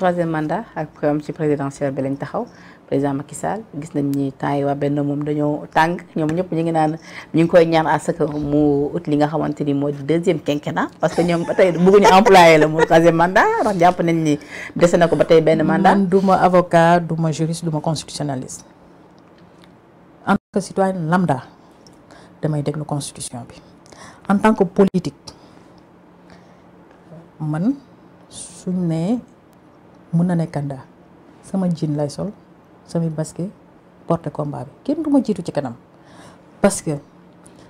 troisième mandat ak programme ci présidentielle bi lañ taxaw président Macky Sall gis nañ ni temps benn moom dañoo tàng ñoom ñëpp ñu ngi naan ñu ngi koy ñaan à ce que mu ut li nga xamante ni moo di deuxième quinquennat parce que ñoom ba tey bëgguñu employé la mu troisième mandat ndax jàpp nañ ni dese na ko ba tey benn mandat. man du ma avocat du ma juriste du ma constitutionnaliste en tant que citoyen lambda damay déglu constitution bi en tant que politique man suñ ne mun na ne Kanda sama jiin lay sol sama basket porte combat bi kenn du ma jiitu ci kanam parce que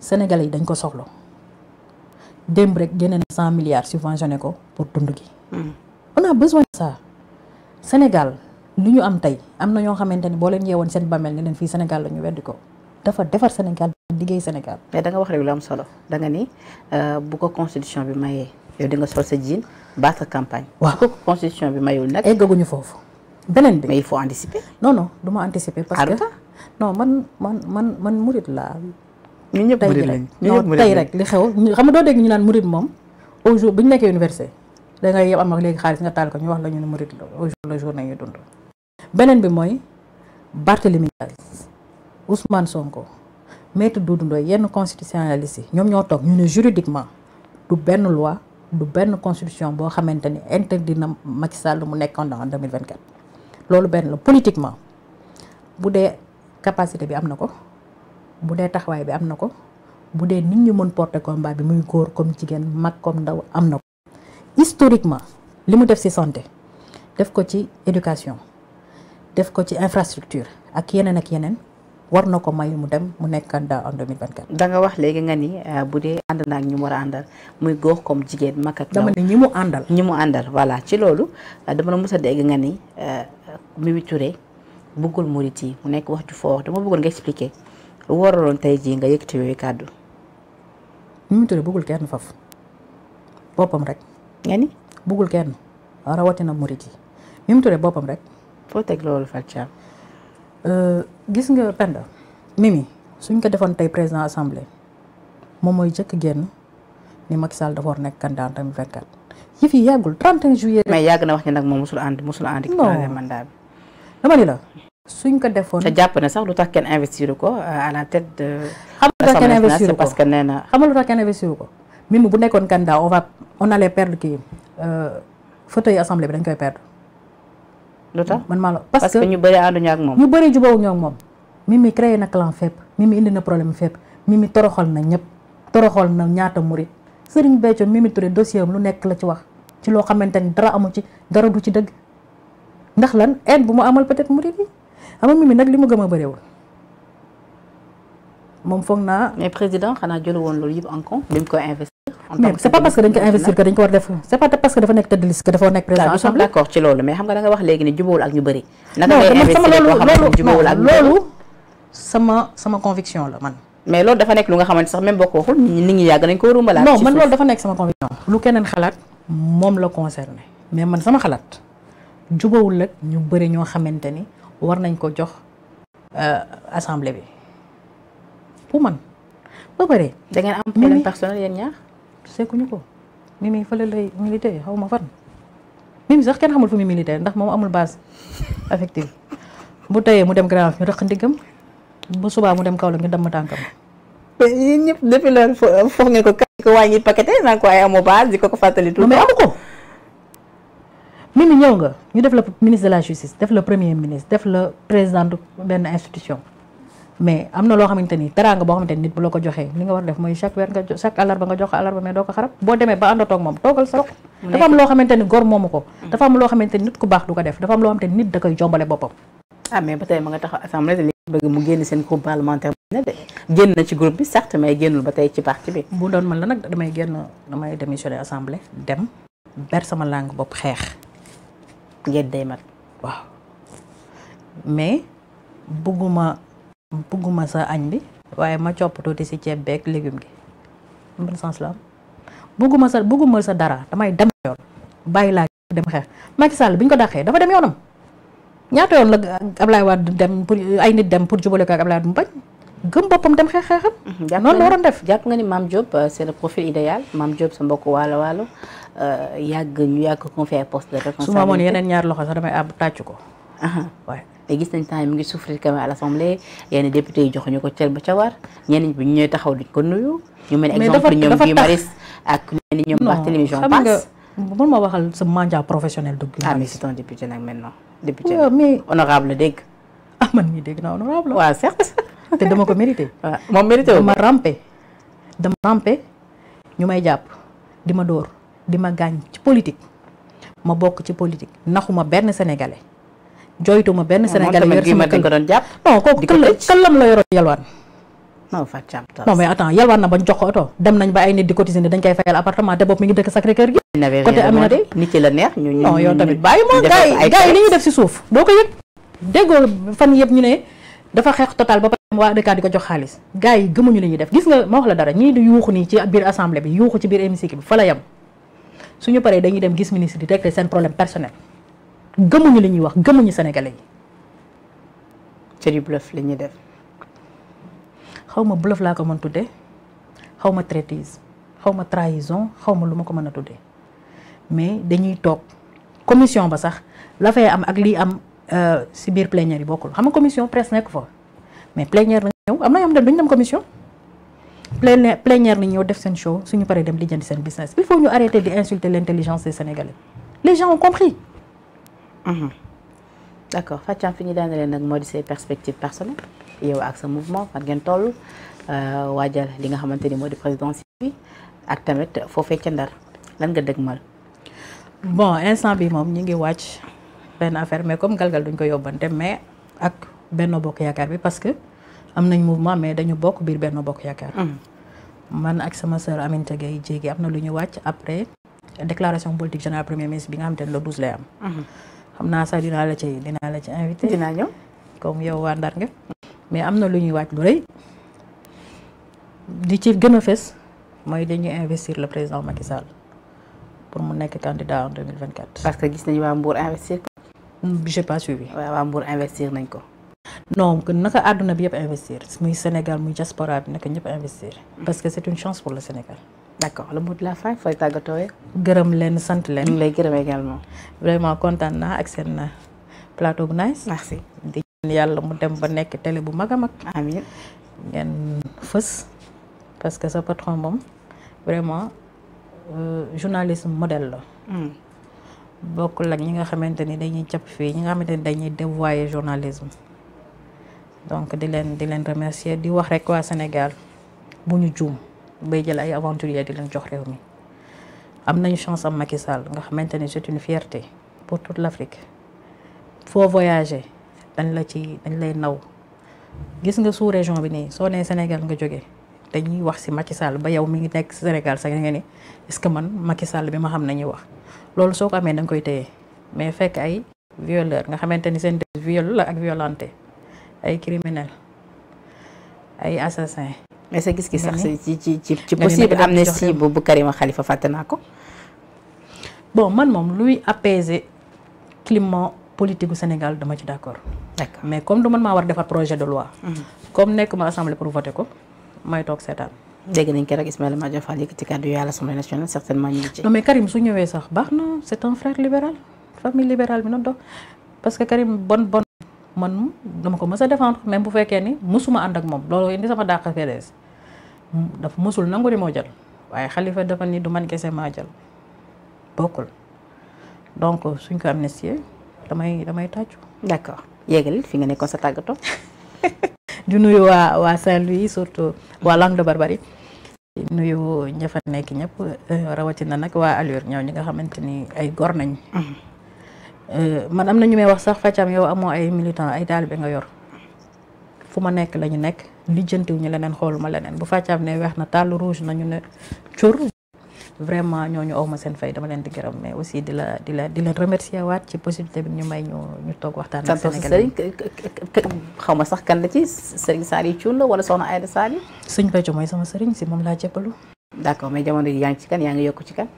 sénégalais yi dañ ko soxla démb rek génne na cent milliards subventionné ko pour dund gi. Hmm. on a besoin de saa Sénégal lu ñu am tey am na ñoo xamante ni boo leen yeewoon seen bàmmeel ne leen fii Sénégal la ñu weddi ko dafa defar Sénégal liggéey Sénégal. mais da nga wax rek lu am solo da nga ni euh, bu ko constitution bi mayee. yow di nga sol sa jean baax sa campagne. waaw ko constitution bi mayul nag. eggaguñu foofu. beneen bi mais il faut anticiper. non non du ma anticiper. parce que non man man murit laa. tey rek li xew xam nga doo dégg ñu naan murit moom au bi ñu nekkee université da ngay am léegi xaalis nga taal ko ñu wax la ñu murit la au jour jour nañuy dund. beneen bi mooy Barthélemy Dias Ousmane Sonko maître Doudou Ndoye yenn constitutionnalistes yi ñoom ñoo toog ñu ne juridiquement lu benn constitution boo xamante ni interdit na Macky Sall mu nekkoon en 2024 loolu benn la politiquement bu dee capacité bi am na ko bu dee taxawaay bi am na ko bu dee nit ñu mën porter combat bi muy góor comme jigéen mag comme ndaw am na ko historiquement li mu def ci santé def ko ci éducation def ko ci infrastructure ak yeneen ak yeneen war na ko may mu dem mu nekk candidat en 2024. da nga wax léegi nga ni euh, bu dee ànd na ak ñu mu war a àndal muy góor comme jigéen mag ak dama ne ñi mu àndal. ñi mu àndal voilà ci loolu euh, dama la mos a dégg nga ni euh, Mimi Touré bëggul murit yi mu nekk wax ju fort dama bëggoon nga expliquer lu waraloon tey jii nga yëkkati yooyu kàddu. Mimi Touré bëggul kenn faf boppam rek. nga ni bëggul kenn rawatina murit yi Mimi Touré boppam rek. foo teg loolu Fatou Euh, gis nga Penda Mimi suñ ko defoon tey président assemblée moom mooy jëkk génn ni Macky Sall dafa war nekk candidat en 2024 yëf yi yàggul 31 juillet. mais yàgg na wax ni nag moom musul ànd musul ànd. non mandat bi dama ni la. suñ ko defoon te jàpp ne sax lu tax kenn investir ko euh, à la tête de. xam lu tax kenn investir ko parce que nee na. xam nga bu nekkoon candidat on on allait perdre kii euh, fauteuil assemblée bi dañ koy perdre. lu tax man maa parce que ñu bëri ànduñu ak moom. ñu bëri jubawuñu ak moom Mimi créé na clan fépp Mimi indi na problème fépp Mimi toroxal na ñëpp toroxal na ñaata murit Serigne Béthio Mimi Touré dossier am lu nekk la ci wax ci loo xamante ni dara amu ci dara du ci dëgg ndax lan aide bu mu amal peut-être murit yi ama Mimi nag li mu gëm a bëriwul moom foog naa. mais président xanaa jëlu woon loolu yëpp en compte. mais c'est pas que dañ ko investir que dañ ko war def c'est pas que dafa nekk tëdd liste dafa nekk président assemblée d'accord ci sama sama conviction la man mais loolu dafa nekk lu nga xamante sax même boo ko waxul nit ñi yàgg nañ ko rumbalaat non man loolu dafa nekk sama conviction lu keneen xalaat moom la concerné mais man sama xalaat jubawul ak ñu bëri ñoo xamante ni war nañ ko jox euh, assemblée bi pour man ba pare da ngeen am problème personnel yéen ñaar sekkuñu ko mimi fële lay militaire xaw ma fan mimi sax kenn xamul fu muy militaire ndax moom amul base affective bu teyee mu dem grand ñu rëq ndiggam bu subaa mu dem kaw la ñu damm tànkam mais yéen ñëpp depuis loolu ngeen ko ko wàññi paqueté naan ko ay amoo base di ko ko fàttali tout mais amu ko mimi ñëw nga ñu def la ministre de la justice def la premier ministre def la président benn institution mais am na loo xamante ni teraanga boo xamante ni nit bu la ko joxee li nga war def mooy chaque weer nga chaque àllarba nga jox ko àllarba mais doo ko xarab boo demee ba àndatoo ak moom toogal sa dafa mm. dafa am loo xamante nit da koy jombale boppam ah, mais ba tey ma nga taxaw assemblée dem ber sama langue bopp xeex yet day mat waaw mais bugguma bugguma sa añ bi waaye ma copp tuuti si ceeb beeg légume gi ban la am bugguma sa bugguma sa dara damay dem yoon bàyyi laa dem xeex Macky Sall bi ñu ko dàqee dafa dem yoonam ñaata yoon la Ablaye Wade dem pour ay nit dem pour jubale ko ak Ablaye Wade mu bañ gëm boppam dem xeex xeexam. Mm-hmm. noonu la waroon def jàpp nga ni maam Diop euh, c'est le profil idéal Mame Diop sa mbokk waalo waalo euh, yàgg ñu yàgg confier poste de responsabilité su ma amoon yeneen ñaar loxo sax damay tàcc ko mais gis nañ temps yi ngi souffrir quand même à l'Assemblée yenn député yi joxuñu ko cër ba ca war ñeneen bi ñu ñooy taxaw di ko nuyu. ñu mel ni exemple ñoom Guy Marius ak ñenn ñoom Barthélémy Dias passe mën ma waxal sa mandat professionnel de Guy Marius ah mais c'est un député nag maintenant député mais honorable dégg ah man mii dégg naa honorable waaw certes te dama ko mérité waaw moom mérité dama rampé dama rampé ñu may jàpp di ma dóor di ma gaañ ci politique ma bokk ci politique naxuma benn sénégalais jooytuma benn ah, Sénégalais yor sama kër ko doon jàpp non kooku këllam la yoroon yalwaan non mais attends yalwaan na bañ jox ko oto dem nañ ba ay nit di cotiser ne dañ koy fayal appartement te bopp mi ngi dëkk Sacré Cœur gi côté Aminata nit ci def si suuf doo ko yëg déggoo fan yëpp ñu ne dafa xeex total ba pare waa dëkkaat di ko jox xaalis gaa yi gëmuñu li ñuy def gis nga ma wax la dara ñii di yuuxu nii ci biir assemblée bi yuuxu ci biir hémicycle bi fa la yem suñu paree dañuy dem gis ministre di régler gëmuñu li ñuy wax gëmuñu sénégalais yi. c'est du bluff li ñuy def. xaw ma bluff laa ko mën tuddee xaw ma traîtrise xaw ma trahison xaw ma lu ma ko mën a tuddee mais dañuy toog commission ba sax la fa am ak lii am euh, si biir plénière yi bokkul xam nga commission presse nekk fa mais plénière la ñëw am na yoo xam duñ dem commission. plénière plénière la ñëw def seen show suñu paree dem lijjanti seen business il faut ñu arrêter di insulter l'intelligence des Sénégalais les gens ont Mhm. d' accord Fathia fi ñu daanelee nag moo di see perspectives personnelles yow ak sa mouvement fan ngeen toll euh, waajal li nga xamante ni moo di présidence bi ak tamit foofee ca ndar lan nga dëgmal. bon instant bi moom ñu ngi wàcc benn affaire mais comme galgal duñ ko yóbbante mais ak benn bokk yaakaar bi parce que am nañ mouvement mais dañu bokk biir benn bokk yaakaar. Mhm. man ak sama sœur Aminata Gaye jéegi am na lu ñu wàcc après déclaration politique générale premier bi nga xamante ne le 12 lay am. Mhm. xam naa sax dinaa la ci ci invité. dinaa ñëw comme yow waa Ndar nga. mais am na lu ñuy waaj lu rëy di ci gën a fes mooy dañuy investir le président Macky Sall pour mu nekk candidat en 2024. parce que gis nañu waa Mbour investir. Hmm, j'ai pas suivi. waaw waa Mbour investir nañ ko. non naka àdduna bi yëpp investir muy Sénégal muy diaspora bi naka ñëpp investir. parce que c'est une chance pour le Sénégal. d' accord le mot la fin fooy tàggatoo gërëm leen sant leen. lay gërëm également. vraiment kontaan naa ak seen euh, plateau bu nice. merci di yàlla mu dem ba nekk télé bu mag a mag. amiin ngeen fës parce que sa patron moom vraiment euh, journalisme model la. Hmm. bokkul ak ñi nga xamante ni dañuy jàpp fii ñi nga xamante ni dañuy dévoyer journalisme donc di leen di leen remercier di wax rek waa Sénégal bu ñu juum. bay jël ay aventuriers di leen jox réew mi am nañ chance am Macky Sall nga xamante ne c'est une fierté pour toute l'Afrique foo voyager dañ la ci dañ lay naw gis nga sous région bi nii soo nee Sénégal nga jógee dañuy wax ci Macky Sall ba yow mi ngi nekk Sénégal sax nga ni est-ce que man Macky Sall bi ma xam nañuy wax loolu soo ko amee da nga koy téye mais fekk ay violeur nga xamante ni seen viol la ak violenté ay criminel ay assassin mais sa gis-gis sax ci ci ci ci possible amnistie bu bu Karima Khalifa fàtte naa ko. bon man moom luy apaiser climat politique gu Sénégal dama ci d' accord. d' accord. mais comme du man maa war defar projet de loi. Mhm. comme nekk ma assemblée pour voter ko may toog seetaan. dégg nañ ko rek Ismaïla Madior Fall yëkkati kàddu yi à l' assemblée nationale certainement ñu ngi ci. non mais Karim su ñëwee sax baax na c' est un libéral famille libérale bi na dox parce que Karim bon bon man dama ko mës a défendre même bu fekkee ni mësuma ànd ak moom loolu indi sama dàq dafa mësul nangu ni moo jël waaye xalifa dafa ni du man kese maa jël bokkul donc suñ ko amnistie damay damay tàccu. d'accord yéegal fi nga nekkoon sa tàggatoo. du nuyu waa waa Saint-Louis surtout waa Langue de Barbarie. nuyu ña nekk ñëpp euh, rawatina nag waa allure ñëw ñi nga xamante ni ay gor nañ mhm. euh, man am nañu ñu may wax sax fàccam yow amoo ay militant ay taalibe nga yor fu ma nekk la ñu nekk lijjantiw ñu leneen xooluma leneen bu fàccaam ne weex na tàll rouge nañu ne cur vraiment ñoo ñooñu awma seen fay dama leen di gërëm mais aussi di la di la leen remercier waat ci possibilité bi ñu may ñu ñu toog waxtaan ak Sénégalais xaw ma sax kan la ci Serigne Saliou Thioune la wala soxna Aïda Saliou sëñ Béthio mooy sama sëriñ si moom laa jébbalu d'accord mais jamono yi yaa ci kan yaa ngi yokk ci kan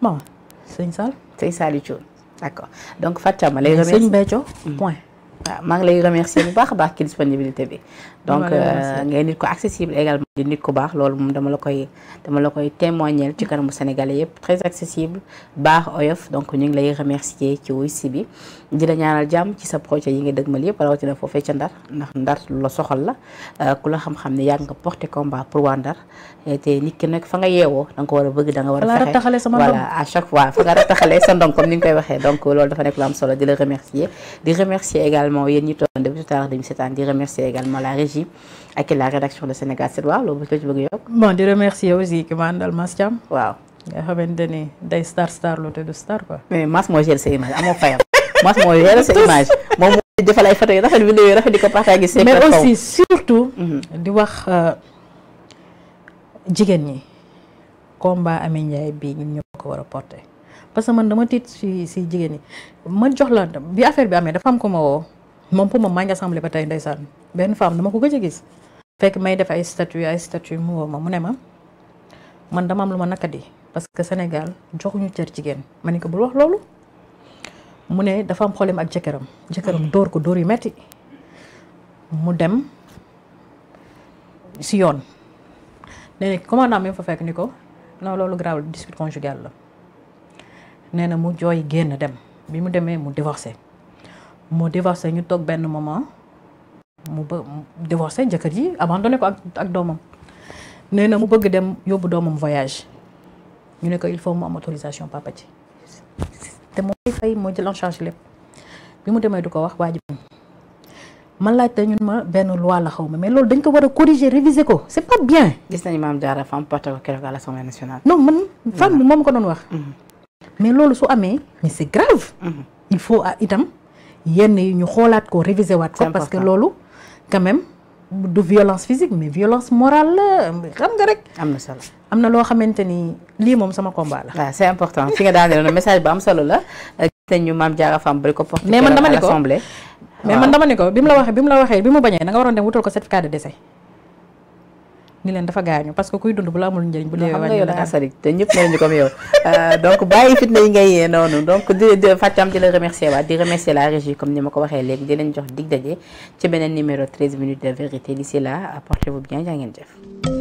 bon sëñ Sall sëñ Saliou Thioune d'accord donc Fatou Thiam lay remercier sëñ Béthio mm. waaw ah, maa ngi lay remercier bu baax a baax ci disponibilité bi. donc euh, ngay nit ko accessible également. di nit ku baax loolu moom dama la koy dama ci kanamu sénégalais yëpp très accessible baax oyof donc ñu ngi lay remercier ci wuy bi. di la ñaanal jàmm ci sa projet yi nga dëgmal yëpp rawatina foofee ca ndar ndax ndar lu la soxal la euh, ku la xam-xam ne yàgg nga porté combat pour waa ndar te nit ki nag fa nga yeewoo da nga ko war a bëgg da nga war a fexe voilà à koy waxee donc loolu dafa nekk lu également yéen ñi toog depuis tout à l'heure dañu seetaan di remercier également la régie ak la rédaction de Sénégal 7 ko ci di remercier aussi ki ma àndal Mass mais aussi surtout mhm. di wax euh, jigéen ñi combat Amy Ndiaye bii ñun ñoo ko war a porter parce que man dama tiit si si jigéen ñi ma jox la bi affaire bi amee dafa am ko ma woo moom pour moom maa ngi ba tey ndeysaan benn femme dama ko gëj a gis. fekk may def ay statu ay statut mu woo ma mu ne ma man dama am lu ma di parce que Sénégal joxuñu cër jigéen ma ne ko bul wax loolu. mu ne dafa am problème ak jëkkëram jëkkëram hmm. dóor ko dóor yu metti mu dem si yoon. nee na commandant mi fa fekk ni ko non loolu grave dispute conjugale la nee na mu jooy génn dem bi mu demee mu divorcé. mu divorcé ñu toog benn moment mu ba divorcé jëkkër ji abandonné ko ak ak doomam nee na mu bëgg dem yóbbu doomam voyage ñu ne ko il faut mu am autorisation papa ci te moo koy fay moo jël en charge lépp bi mu demee du ko wax waa ji man te ñun ma benn loi la xaw ma mais loolu dañ ko war a corriger réviser ko c' pas bien. gis nañu maam Diarra fem porté ko keroog à l'Assemblée nationale. non man femme bi moom ko doon wax. Mm-hmm. mais loolu su amee. mais c' est grave. Mm-hmm. il faut ah, itam. yenn yi ñu xoolaat ko réviser waat ko parce que loolu quand même du violence physique mais violence morale la xam nga rek. am na solo am na loo xamante ni lii moom sama combat la. waaw c'est important fi nga daaneel na message bu am solo la. gis nañu maam Diarra Fam bari ko porte mais man dama ni ko bi mu la waxee bi mu bañee da waroon dem wutal ko certificat de décès. ni leen dafa gaañu parce que kuy dund bu la amul njëriñ bu dee wàññi yow da nga sadik te ñëpp mënuñu comme yow euh, donc bàyyi fitna yi ngay yee noonu donc di di Fatam di la remercier waat di remercier la régie comme ni ma ko waxee léegi di leen jox dig daje ci beneen numéro 13 minutes de vérité d'ici là portez-vous bien jaa ngeen